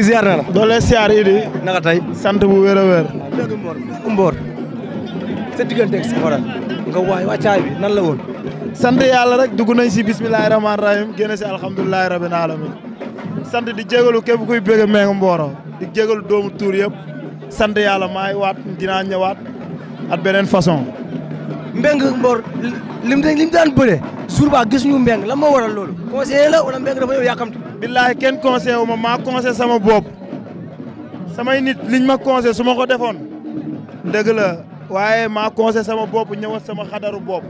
ziar na doole ziar Idi. naka sant bu wér a wér. dégg Mbour Mbour. sa diggante nga waay wàccaay bi nan la woon. sant yàlla rek dugg nañ si bismillahi rahmaani rahim génn si alhamdulilahi rabbil alamin sant di jégalu képp kuy bëgg meeng Mboro di jégalu doomu tuur yëpp sant yàlla maay waat dinaa ñëwaat at beneen façon. mbeng Mbor lim lim jour ba gis ñu Mbengue lan moo waral loolu conseiller la wala Mbengue dafa ñëw yàkkamti. billaay kenn conseiller wu ma maa conseiller sama bopp samay nit liñ ma conseiller su ma ko defoon dëgg waaye maa conseiller sama bopp ñëwaat sama xadaru bopp.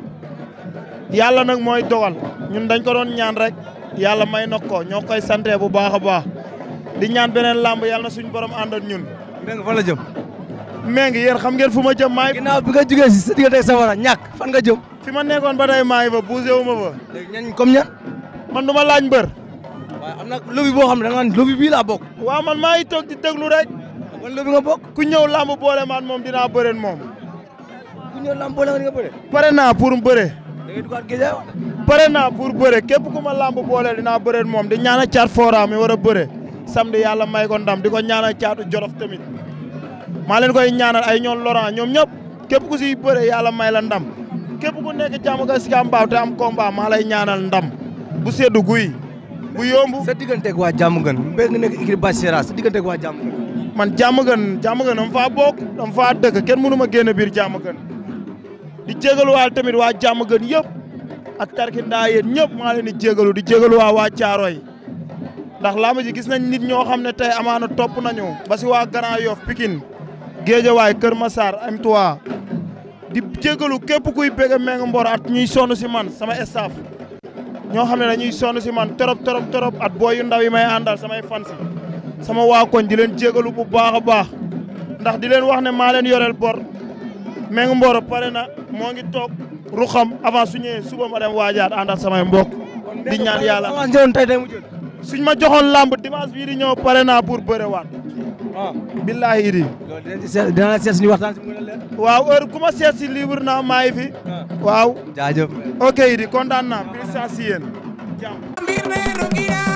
yàlla nag mooy dogal ñun dañ ko doon ñaan rek yàlla may na ko ñoo koy sante bu baax a baax di ñaan beneen làmb yàlla na suñu borom ànd ak ñun. Mbengue fa la jëm. mee ngi yéen xam ngeen fu ma jëm maay. naa bi nga jugee si sa diggante safara ñàkk fan nga jëm. fi ma nekkoon ba tey maa fa bougé wu ma fa. léegi ñan comme ñan. man du ma laaj mbër. waaw am na boo xam ne da nga naan lobby laa bokk. waaw man maa ngi toog di déglu rek. man lobby nga bokk. ku ñëw làmb boole maat moom dinaa bëre moom. ku ñëw làmb pare naa pour bëre. da pare naa pour bëre képp ku ma làmb boole naa bëre moom di ñaana caat fooraa mi war a bëre samedi yàlla may ko ndam di ko ñaana caatu jorof tamit maa leen koy ñaanal ay ñoom Laurent ñoom ñëpp képp ku siy bëre yàlla may la ndam képp ku nekk jàmm ga Sicap Mbao te am combat maa lay ñaanal ndam bu seddu guy bu yomb. sa digganteeg waa jàmm gën mbéy nga nekk écurie Bathie sa digganteeg waa jàmm man jàmm gën jàmm gën dama dëkk kenn mënu ma génn biir jàmm gën di jégaluwaal tamit waa jàmm gën yëpp ak tarkindaa yéen ñëpp maa leen di jégalu di jégaluwaal waa Caaroy ndax làmb ji gis nañ nit ñoo xam ne tey amaana topp nañu ba si waa Grand waay Kër Massar am tuwa di jégalu képp kuy bëgg a Meng Mbor at ñuy sonn si man sama staff ñoo xam ne dañuy sonn si man trop trop trop at booy yu ndaw yi may àndal samay fan sama waa koñ di leen jégalu bu baax a baax ndax di leen wax ne maa leen yoreel bor Meng mboor pare na moo ngi toog ruxam avant su ñëwee suba ma dem waajaat àndal samay mbokk di ñaan yàlla suñ ma joxoon làmb dimanche bii di ñëw pare naa pour bëre waat billaahi idi dina seet suñu waxtaan waaw heure ku ma seet si libre na maa ngi fi ah. waaw jaajëf ok idi kontaan naa plus sa si yéen jàmm